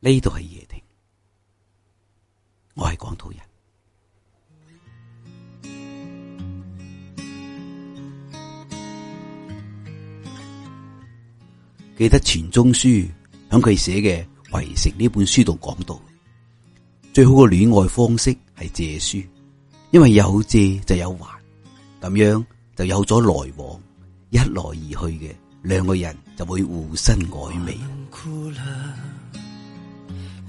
呢度係夜亭，我係廣土人。記得錢鍾書喺佢寫嘅《圍城》呢本書度講到，最好嘅戀愛方式係借書，因為有借就有還，咁樣就有咗來往，一來二去嘅兩個人就會互生曖昧。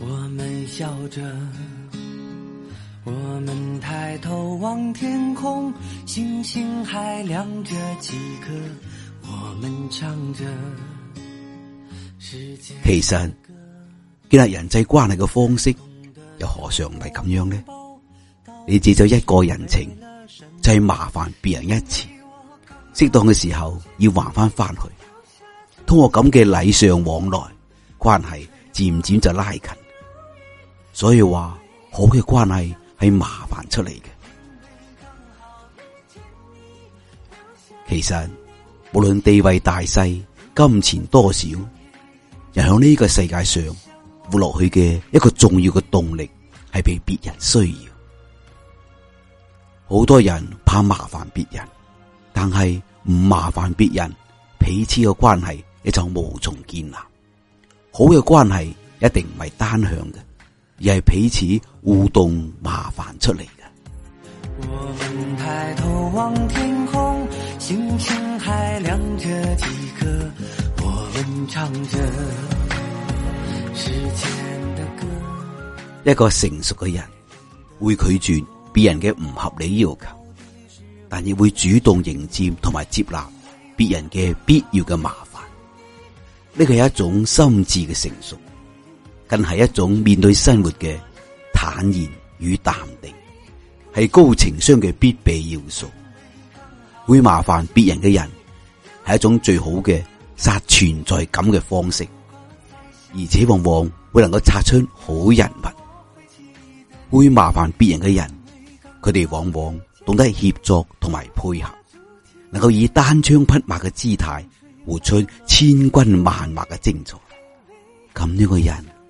我們笑着，我們抬頭望天空，星星還亮着幾顆，我們唱着世界。其實建立人際關係嘅方式又何嘗唔係咁樣呢？你借咗一個人情，就係、是、麻煩別人一次；適當嘅時候要還翻翻去，通過咁嘅禮尚往來，關係漸漸就拉近。所以話，好嘅關係係麻煩出嚟嘅。其實無論地位大細、金錢多少，人喺呢個世界上活落去嘅一個重要嘅動力係被別人需要。好多人怕麻煩別人，但係唔麻煩別人，彼此嘅關係也就無從建立。好嘅關係一定唔係單向嘅。而係彼此互動麻煩出嚟嘅。一個成熟嘅人會拒絕別人嘅唔合理要求，但亦會主動迎接同埋接納別人嘅必要嘅麻煩。呢個係一種心智嘅成熟。更係一種面對生活嘅坦然與淡定，係高情商嘅必備要素。會麻煩別人嘅人，係一種最好嘅殺存在感嘅方式，而且往往會能夠拆出好人物。會麻煩別人嘅人，佢哋往往懂得協作同埋配合，能夠以單槍匹馬嘅姿態活出千軍萬馬嘅精彩。咁呢個人。